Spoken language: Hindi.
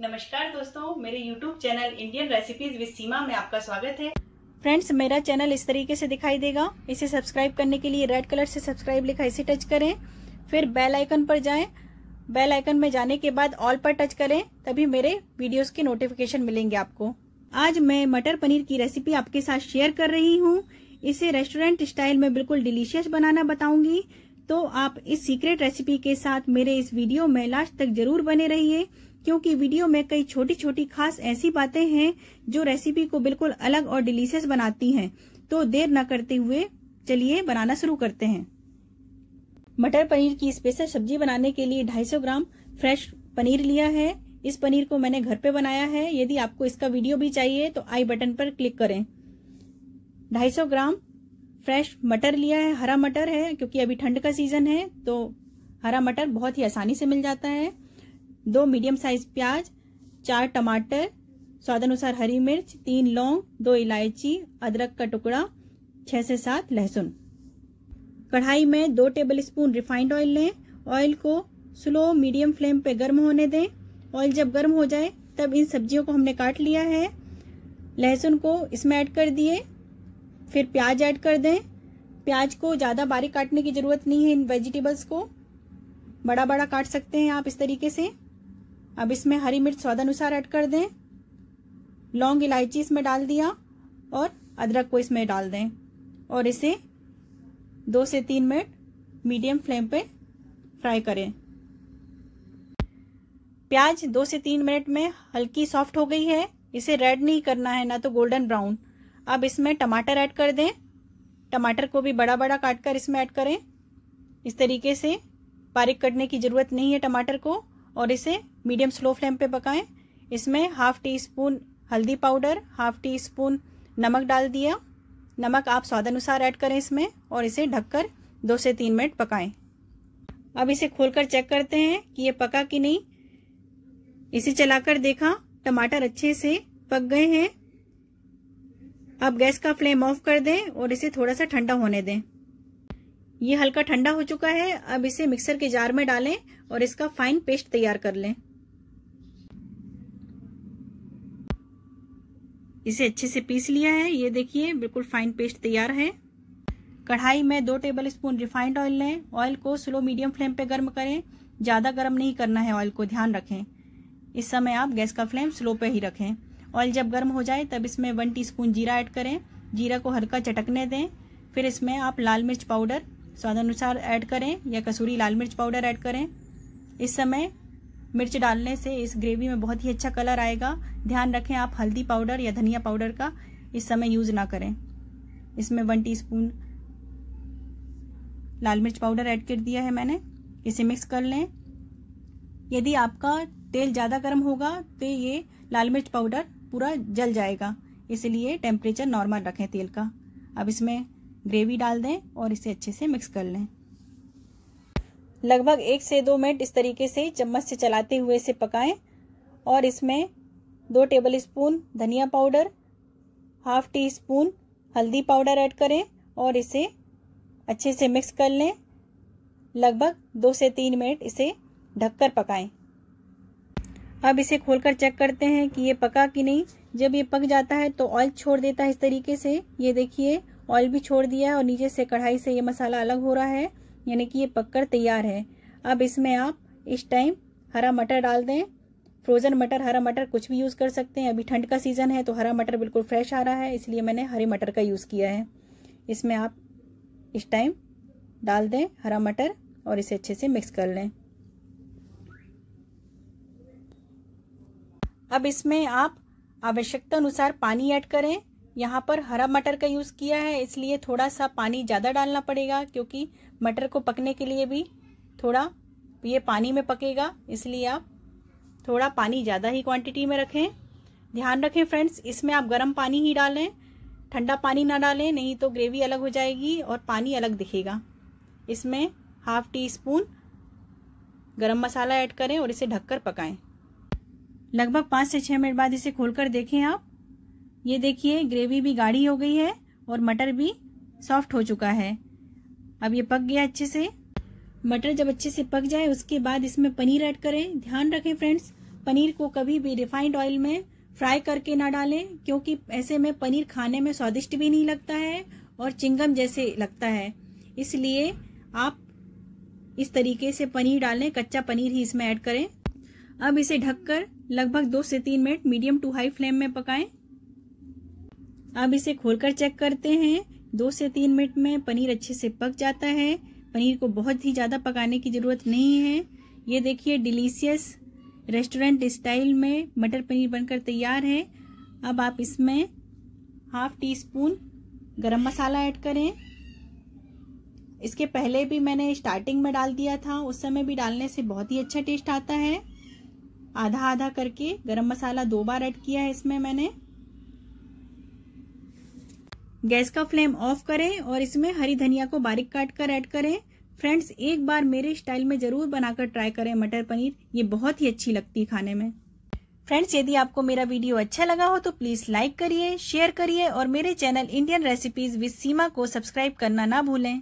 नमस्कार दोस्तों मेरे YouTube channel Indian recipes with Seema में आपका स्वागत है फ्रेंड्स मेरा चैनल इस तरीके से दिखाई देगा इसे सब्सक्राइब करने के लिए रेड कलर से सब्सक्राइब लिखा इसे टच करें फिर बेल आइकन पर जाएं बेल आइकन में जाने के बाद ऑल पर टच करें तभी मेरे वीडियोस के नोटिफिकेशन मिलेंगे आपको आज मैं मटर पनीर की रेसिपी आपके साथ शेयर कर रही हूँ इसे रेस्टोरेंट स्टाइल में बिल्कुल डिलीशियस बनाना बताऊंगी तो आप इस सीक्रेट रेसिपी के साथ मेरे इस वीडियो में लास्ट तक जरूर बने रहिए क्योंकि वीडियो में कई छोटी छोटी खास ऐसी बातें हैं जो रेसिपी को बिल्कुल अलग और डिलीशियस बनाती हैं तो देर न करते हुए चलिए बनाना शुरू करते हैं मटर पनीर की स्पेशल सब्जी बनाने के लिए 250 ग्राम फ्रेश पनीर लिया है इस पनीर को मैंने घर पे बनाया है यदि आपको इसका वीडियो भी चाहिए तो आई बटन पर क्लिक करें 250 ग्राम फ्रेश मटर लिया है हरा मटर है क्योंकि अभी ठंड का सीजन है तो हरा मटर बहुत ही आसानी से मिल जाता है दो मीडियम साइज प्याज चार टमाटर स्वाद अनुसार हरी मिर्च तीन लौंग दो इलायची अदरक का टुकड़ा छः से सात लहसुन कढ़ाई में दो टेबल स्पून रिफाइंड ऑयल लें ऑयल को स्लो मीडियम फ्लेम पे गर्म होने दें ऑयल जब गर्म हो जाए तब इन सब्जियों को हमने काट लिया है लहसुन को इसमें ऐड कर दिए फिर प्याज ऐड कर दें प्याज को ज़्यादा बारीक काटने की ज़रूरत नहीं है इन वेजिटेबल्स को बड़ा बड़ा काट सकते हैं आप इस तरीके से अब इसमें हरी मिर्च स्वाद अनुसार ऐड कर दें लौंग इलायची इसमें डाल दिया और अदरक को इसमें डाल दें और इसे दो से तीन मिनट मीडियम फ्लेम पे फ्राई करें प्याज दो से तीन मिनट में हल्की सॉफ्ट हो गई है इसे रेड नहीं करना है ना तो गोल्डन ब्राउन अब इसमें टमाटर ऐड कर दें टमाटर को भी बड़ा बड़ा काट कर इसमें ऐड करें इस तरीके से बारीक कटने की ज़रूरत नहीं है टमाटर को और इसे मीडियम स्लो फ्लेम पे पकाएं इसमें हाफ टी स्पून हल्दी पाउडर हाफ टी स्पून नमक डाल दिया नमक आप स्वाद अनुसार ऐड करें इसमें और इसे ढककर दो से तीन मिनट पकाएं अब इसे खोलकर चेक करते हैं कि ये पका कि नहीं इसे चलाकर देखा टमाटर अच्छे से पक गए हैं अब गैस का फ्लेम ऑफ कर दें और इसे थोड़ा सा ठंडा होने दें ये हल्का ठंडा हो चुका है अब इसे मिक्सर के जार में डालें और इसका फाइन पेस्ट तैयार कर लें इसे अच्छे से पीस लिया है ये देखिए बिल्कुल फाइन पेस्ट तैयार है कढ़ाई में दो टेबल स्पून रिफाइंड ऑयल लें ऑयल को स्लो मीडियम फ्लेम पे गर्म करें ज़्यादा गर्म नहीं करना है ऑयल को ध्यान रखें इस समय आप गैस का फ्लेम स्लो पे ही रखें ऑयल जब गर्म हो जाए तब इसमें वन टी जीरा ऐड करें जीरा को हल्का चटकने दें फिर इसमें आप लाल मिर्च पाउडर स्वादानुसार ऐड करें या कसूरी लाल मिर्च पाउडर ऐड करें इस समय मिर्च डालने से इस ग्रेवी में बहुत ही अच्छा कलर आएगा ध्यान रखें आप हल्दी पाउडर या धनिया पाउडर का इस समय यूज ना करें इसमें वन टीस्पून लाल मिर्च पाउडर ऐड कर दिया है मैंने इसे मिक्स कर लें यदि आपका तेल ज़्यादा गर्म होगा तो ये लाल मिर्च पाउडर पूरा जल जाएगा इसलिए टेम्परेचर नॉर्मल रखें तेल का अब इसमें ग्रेवी डाल दें और इसे अच्छे से मिक्स कर लें लगभग एक से दो मिनट इस तरीके से चम्मच से चलाते हुए इसे पकाएं और इसमें दो टेबल स्पून धनिया पाउडर हाफ टी स्पून हल्दी पाउडर ऐड करें और इसे अच्छे से मिक्स कर लें लगभग दो से तीन मिनट इसे ढककर पकाएं अब इसे खोलकर चेक करते हैं कि ये पका कि नहीं जब ये पक जाता है तो ऑयल छोड़ देता है इस तरीके से ये देखिए ऑयल भी छोड़ दिया है और नीचे से कढ़ाई से ये मसाला अलग हो रहा है यानी कि ये पककर तैयार है अब इसमें आप इस टाइम हरा मटर डाल दें फ्रोज़न मटर हरा मटर कुछ भी यूज़ कर सकते हैं अभी ठंड का सीज़न है तो हरा मटर बिल्कुल फ्रेश आ रहा है इसलिए मैंने हरे मटर का यूज़ किया है इसमें आप इस टाइम डाल दें हरा मटर और इसे अच्छे से मिक्स कर लें अब इसमें आप आवश्यकता अनुसार पानी ऐड करें यहाँ पर हरा मटर का यूज़ किया है इसलिए थोड़ा सा पानी ज़्यादा डालना पड़ेगा क्योंकि मटर को पकने के लिए भी थोड़ा ये पानी में पकेगा इसलिए आप थोड़ा पानी ज़्यादा ही क्वांटिटी में रखें ध्यान रखें फ्रेंड्स इसमें आप गर्म पानी ही डालें ठंडा पानी ना डालें नहीं तो ग्रेवी अलग हो जाएगी और पानी अलग दिखेगा इसमें हाफ टी स्पून गरम मसाला ऐड करें और इसे ढककर पकाएं लगभग पाँच से छः मिनट बाद इसे खोलकर देखें आप ये देखिए ग्रेवी भी गाढ़ी हो गई है और मटर भी सॉफ्ट हो चुका है अब ये पक गया अच्छे से मटर जब अच्छे से पक जाए उसके बाद इसमें पनीर ऐड करें ध्यान रखें फ्रेंड्स पनीर को कभी भी रिफाइंड ऑयल में फ्राई करके ना डालें क्योंकि ऐसे में पनीर खाने में स्वादिष्ट भी नहीं लगता है और चिंगम जैसे लगता है इसलिए आप इस तरीके से पनीर डालें कच्चा पनीर ही इसमें ऐड करें अब इसे ढककर लगभग दो से तीन minute medium to high flame में पकाएं अब इसे खोलकर चेक करते हैं दो से तीन मिनट में पनीर अच्छे से पक जाता है पनीर को बहुत ही ज़्यादा पकाने की ज़रूरत नहीं है ये देखिए डिलीशियस रेस्टोरेंट स्टाइल में मटर पनीर बनकर तैयार है अब आप इसमें हाफ टी स्पून गरम मसाला ऐड करें इसके पहले भी मैंने स्टार्टिंग में डाल दिया था उस समय भी डालने से बहुत ही अच्छा टेस्ट आता है आधा आधा करके गरम मसाला दो बार ऐड किया है इसमें मैंने गैस का फ्लेम ऑफ करें और इसमें हरी धनिया को बारीक काट कर ऐड करें फ्रेंड्स एक बार मेरे स्टाइल में ज़रूर बनाकर ट्राई करें मटर पनीर ये बहुत ही अच्छी लगती है खाने में फ्रेंड्स यदि आपको मेरा वीडियो अच्छा लगा हो तो प्लीज़ लाइक करिए शेयर करिए और मेरे channel Indian recipes with Seema को सब्सक्राइब करना ना भूलें